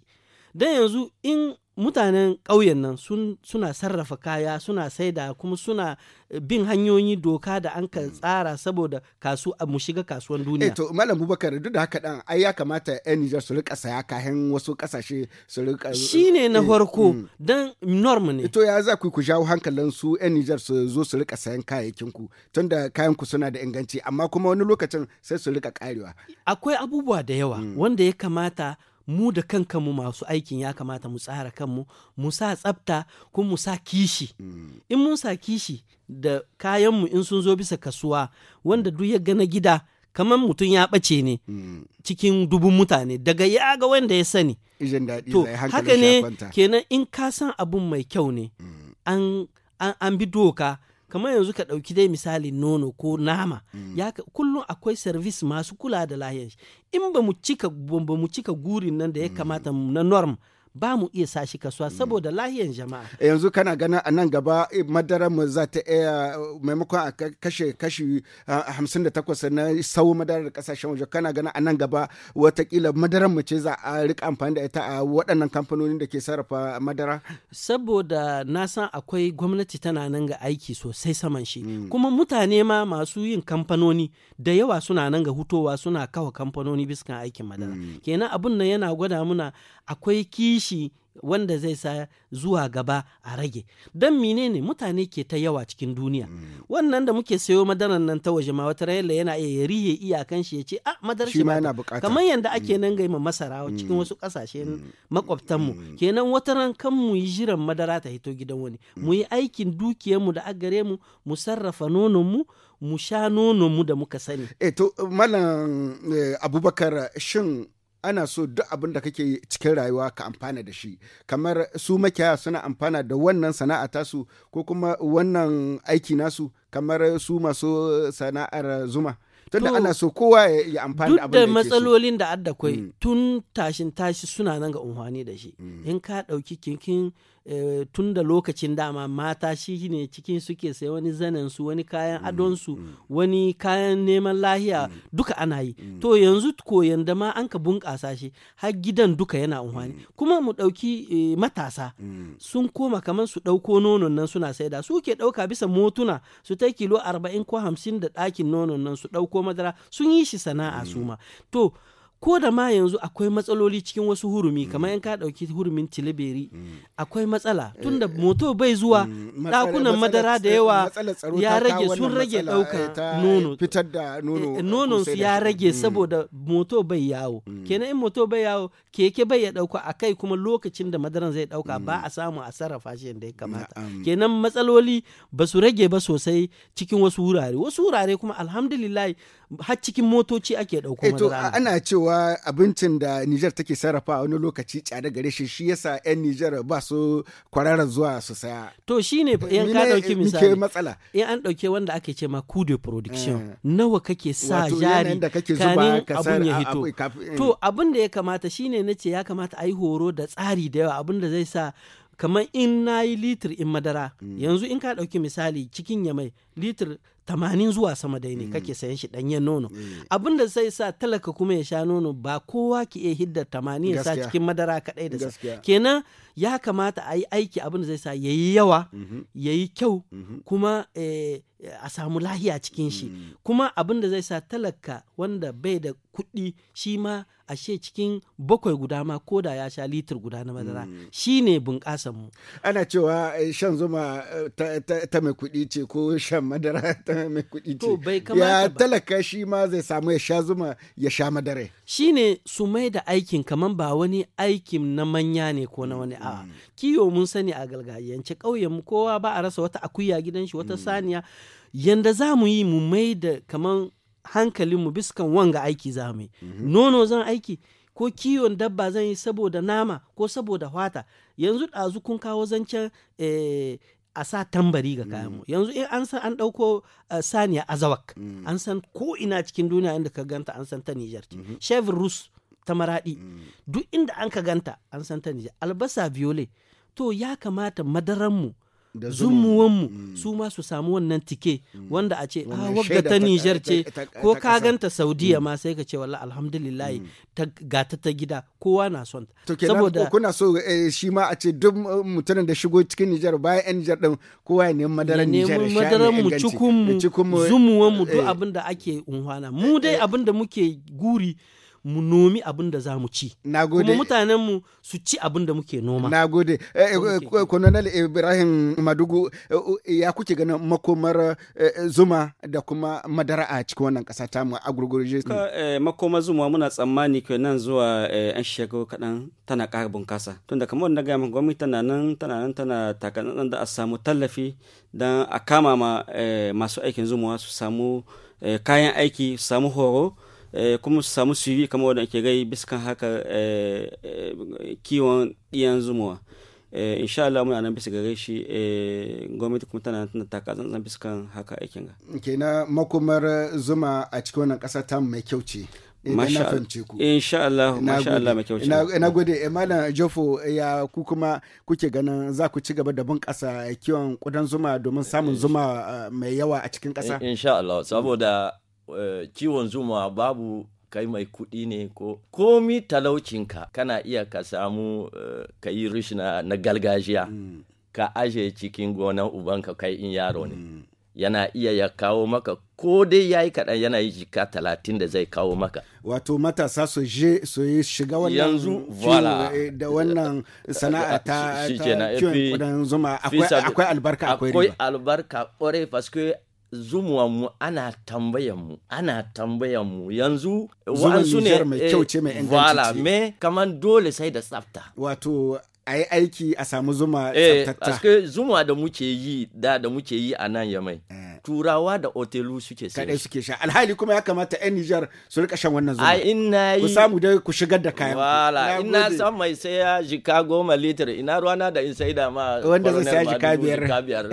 don yanzu in mutanen ƙauyen nan suna sarrafa kaya suna saida kuma suna eh, bin hanyoyi doka da an ka tsara saboda kasu a mu shiga kasuwan duniya. Eh, to malam bubakar duk da haka dan ai ya kamata yan nijar su rika saya kayan wasu kasashe su rika. Eh, shine na farko mm. dan norm ne. to ya za ku ku jawo hankalin su yan nijar su zo su rika sayan kayayyakin ku tunda kayan ku suna da inganci amma kuma wani lokacin sai su rika karewa. akwai abubuwa da yawa mm. wanda ya kamata mu da kanka mu masu aikin ya kamata mu tsara kanmu mu sa tsafta kuma mu sa kishi mm. in mun sa kishi da kayanmu in sun zo bisa kasuwa wanda duk ya gana gida kamar mutum ya ɓace ne mm. cikin dubun mutane daga ya ga wanda ya sani to haka ne kenan in ka san abun mai kyau ne mm. an bi doka kamar yanzu ka ɗauki dai misalin nono ko nama mm. ya kullum akwai service masu kula da lahiyar in ba mu cika gurin nan da ya mm. kamata na norm ba mu iya sa shi kasuwa hmm. saboda lahiyan jama'a eh, yanzu kana ganin a nan gaba eh, madara mu za ta iya eh, maimakon a kashe kashi 58 na sau da kasashen waje kana ganin a nan gaba watakila madara mu ce za a rika amfani da ita a waɗannan kamfanonin da ke sarrafa madara saboda na san akwai gwamnati tana nan ga aiki sosai saman shi hmm. kuma mutane ma masu yin kamfanoni da yawa suna nan ga hutowa suna kawa kamfanoni biskan aikin madara hmm. kenan abun nan yana gwada muna akwai kishi tashi wanda zai sa zuwa gaba a rage don menene mutane ke ta yawa cikin duniya mm. wannan da muke sayo madarar nan ta waje ma wata rayar yana iya ya rihe iyakan shi ya ce a ah, madar shi yana bukata kamar yadda ake mm. nan gaima masara mm. cikin wasu kasashe makwabtan mu kenan wata ran kan mu yi jiran madara ta hito gidan wani mu yi aikin dukiyar mu da agare mu mu sarrafa nonon mu mu sha nonon mu da muka sani eh to malam eh, abubakar shin ana so duk abin da kake cikin rayuwa ka amfana da shi kamar su makiyaya suna amfana da wannan sana'a tasu ko kuma wannan aiki nasu kamar su masu sana'ar zuma tunda ana so kowa ya amfani da abin da matsalolin da adda kwai mm. tun tashin tashi suna nan ga unhwani da shi mm. in ka dauki kinkin Eh, tunda lokacin dama mata shi ne cikin suke sai wani zanen su wani kayan mm, adonsu mm. wani kayan neman lahiya mm. duka ana yi to yanzu ko yanda ma an ka bunƙasa shi har gidan duka yana unhwani kuma mu ɗauki eh, matasa sun koma kamar su ɗauko nonon nan suna saida su ke ɗauka bisa motuna su ta kilo arba'in ko hamsin da ɗakin nonon nan su ɗauko madara sun yi shi sana'a su ma to ko da ma yanzu akwai matsaloli cikin wasu hurumi kamar yan ka dauki hurumin tilibiri akwai matsala tunda eh, moto bai zuwa dakunan mm, madara da yawa ya rage sun rage dauka eh, nono fitar da nono eh, nonon su ya rage mm. saboda moto bai yawo mm. kenan in moto bai yawo keke bai ya dauka akai kuma lokacin da madaran zai dauka ba a samu a sarrafa shi yadda ya kamata kenan matsaloli ba su rage ba sosai cikin wasu wurare wasu wurare kuma alhamdulillah har cikin motoci ake dauko madara cewa cewa abincin da Nijar take sarrafa a wani lokaci tsada gare shi shi yasa 'yan Nijar ba su kwarara zuwa su saya. To shi ne yan ka ɗauki misali. In an ɗauke wanda ake ce ma coup de production. Eh. Nawa kake sa jari kanin abun ya hito. To abin da ya kamata shi ne na ce ya kamata a yi horo da tsari da yawa abin da zai sa kamar in na yi litir in madara mm. yanzu in ka ɗauki misali cikin yamai litir tamanin zuwa sama dai ne mm. kake sayan shi danyen nono mm. abin da sai sa talaka kuma ya sha nono ba kowa ki iya hidda tamanin ya sa cikin madara kadai da sa kenan ya kamata a yi aiki abin da zai sa yayi yawa mm ya yi kyau mm-hmm. kuma eh, a samu lahiya cikin shi mm. kuma abin da zai sa talaka wanda bai da kuɗi shi ma ashe cikin bakwai guda ma ko da ya sha litir guda na madara mm. shi ne bunƙasan mu ana cewa eh, shan zuma eh, ta, ta mai kuɗi ce ko shan madara ta mai kuɗi ce. bai kamata Ya talaka shi ma zai samu ya sha zuma ya sha madara. Shi ne su mai da aikin kamar ba wani aikin na manya ne ko na wani awa mm. Kiyo mun sani a galgayance ƙauyen kowa ba a rasa wata akuya gidan shi wata mm. saniya. Yanda za mu yi mu mai da kamar hankalinmu biskan wanga aiki za mu yi. Mm-hmm. Nono zan aiki. ko kiwon dabba zan yi saboda nama ko saboda fata yanzu ɗazu kun kawo zancen eh, a sa tambari ga kayan mu mm. yanzu in an san an dauko eh, saniya azawak mm. an san ko ina cikin duniya inda ka ganta an san ta Niger ce mm-hmm. chef rus ta maraɗi mm. duk inda an ka ganta an san ta Niger albasa viole to ya kamata madaranmu mu zumuwanmu mm. su ma su samu wannan tike mm. wanda a ce a ah, wagga ta Nijar ce ko ka ganta Saudiya mm. ma sai ka ce wallahi alhamdulillah ta gata ta gida kowa na son ta saboda kuna so eh, shi ma a ce duk eh, mutumin da shigo cikin Nijar bayan yan Nijar din kowa ya nemi madaran Nijar ne madaran mu cikin mu eh, zumuwanmu duk abin da ake unhwana mu dai abin da muke guri mu nomi abin da za mu ci. Nagode. Kuma mutanenmu su ci abin da muke noma. Nagode. Eh, eh, Kononel Ibrahim Madugu eh, ya kuke ganin makomar zuma da kuma madara a cikin wannan ƙasa ta mu a gurgurje. Makomar zuma muna tsammani nan zuwa 'yan shekaru kaɗan tana ƙara bunƙasa. Tunda kamar wanda gaya gwamnati tana nan tana nan tana takanan da a samu tallafi don a kama ma masu aikin zuma su samu kayan aiki su samu horo. Eh, kuma su samu suyi kamar wadda ke gai biskan haka eh, eh, kiwon ɗiyan zumuwa insha Allah muna nan bisa gare shi gwamnati kuma tana tana taka zanzan biskan haka aikin ga na makomar zuma a cikin wannan ƙasa ta mai kyau ce Masha Allah, masha Allah mai kyau Ina gode, Malam Jofo ya ku kuma kuke ganin za ku ci gaba da bunƙasa kiwon ƙudan zuma domin samun zuma mai yawa a cikin ƙasa? Insha Allah, saboda Eh, ciwon zuma babu kai mai kuɗi ne ko komi talaucinka kana iya ka samu eh, ka yi rishina na galgajiya mm. ka aje cikin gonan ubanka kai in yaro ne mm. yana iya ya kawo maka ko dai ya yi kaɗan yana yi jika talatin da zai kawo maka. Wato matasa su je su yi shiga wannan yanzu voila eh, da wannan sana'a ta kiwon kudin zuma akwai albarka akwai riba. Akwai albarka ƙwarai paske zumuwa mu ana tambayan mu ana tambayan mu yanzu wa'ansu ne mai kyau eh, me kaman dole sai da tsafta wato a yi aiki a samu zuma eh, tsaftatta. zuma da muke yi da da muke yi a nan yamai. Eh. Turawa da otelu suke sai. Kaɗai suke sha. Alhali kuma ya kamata 'yan Nijar su rika shan wannan zuma. Ai ina yi. Ku samu dai ku shigar da kayan. Wala ina san mai saya jika goma litir ina ruwana da in sai da ma. Wanda zai saya jika biyar.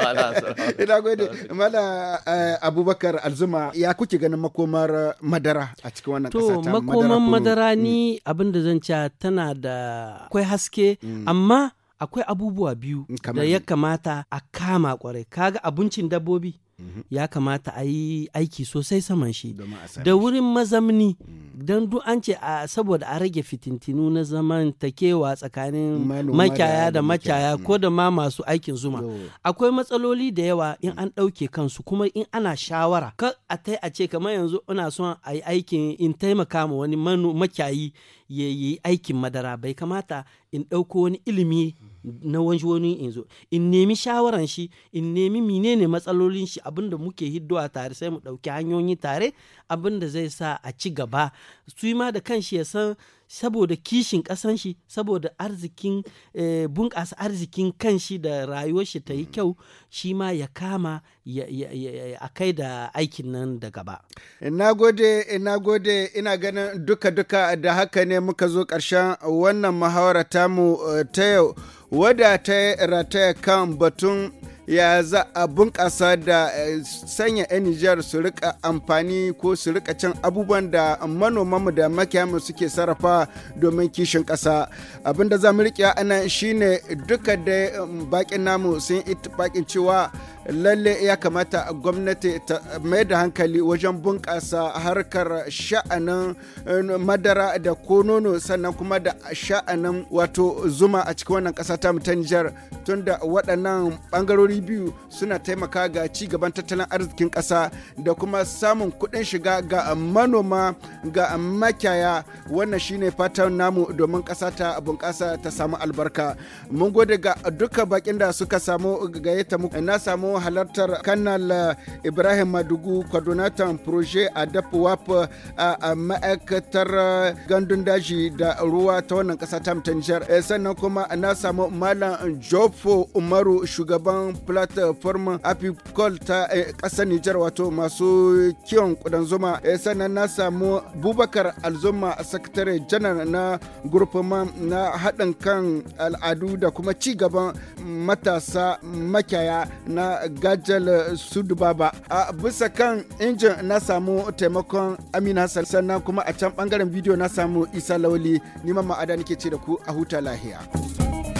Ina gode. Mala eh, Abubakar Alzuma ya kuke ganin makomar eh, madara a cikin wannan ƙasa To makomar madara ni mm. abin da zan ce tana da akwai haske yake mm. amma akwai abubuwa biyu mm, da ya kamata a kama kwarai kaga abincin dabbobi Mhm. ya kamata a yi aiki sosai saman shi da wurin mazamni mm. don duk an ce saboda a rage fitintinu na zaman takewa tsakanin makyaya da makyaya mm. ko da ma masu aikin zuma akwai matsaloli da yawa in mm. an ɗauke kansu kuma in ana shawara ka a tai a ce kamar yanzu ina son a yi aikin in taimaka ma wani makyayi ya yi aikin madara bai kamata in ɗauko wani ilimi na wani wani in zo in nemi shawaran shi in nemi menene matsalolin shi abinda muke hiddowa tare sai mu ɗauki hanyoyi tare abinda zai sa a ci gaba su ma da kanshi ya san saboda kishin ƙasan shi saboda arzikin eh, bunƙasa arzikin kanshi da rayuwar shi ta yi mm. kyau shi ma ya kama a kai da aikin nan da gaba. Ina eh, gode, ina eh, gode, ina ganin duka-duka da haka ne muka zo ƙarshen wannan muhawara tamu ta yau wadda ta rataya kan batun ya za a bunƙasa da eh, sanya 'yan Nijar su rika amfani ko su rika cin abubuwan da manomanmu da makiyamu suke sarrafa domin kishin ƙasa. abinda da za mu riƙe a nan shine duka da eh, bakin namu sun ita bakin cewa lalle ya kamata gwamnati ta mai da hankali wajen bunƙasa harkar sha'anin eh, madara da konono nono sannan kuma da sha'anin wato zuma a cikin wannan ƙasa ta ta Nijar tunda waɗannan ɓangarori biyu suna taimaka ga ci gaban tattalin arzikin ƙasa da kuma samun kuɗin shiga ga manoma ga makiyaya wannan shine fatan namu domin ƙasa ta bunƙasa ta samu albarka mun gode ga duka bakin da suka samu gayyata muku na samu halartar kanal eh, ibrahim madugu coordinator projet a dapwap eh, a ma'aikatar eh, gandun daji da ruwa ta wannan kasa ta mutanjar sannan kuma na samu malam jofo umaru shugaban platform apicol ta kasar nijar wato masu kiwon kudan zuma sannan na samu bubakar alzuma sakatare janar na gurfama na haɗin kan al'adu da kuma ci gaban matasa makiyaya na gajal a bisa kan injin na samu taimakon amina sannan kuma a can bangaren bidiyo na samu isa lauli ma ma'ada nake ce da ku a huta lahiya.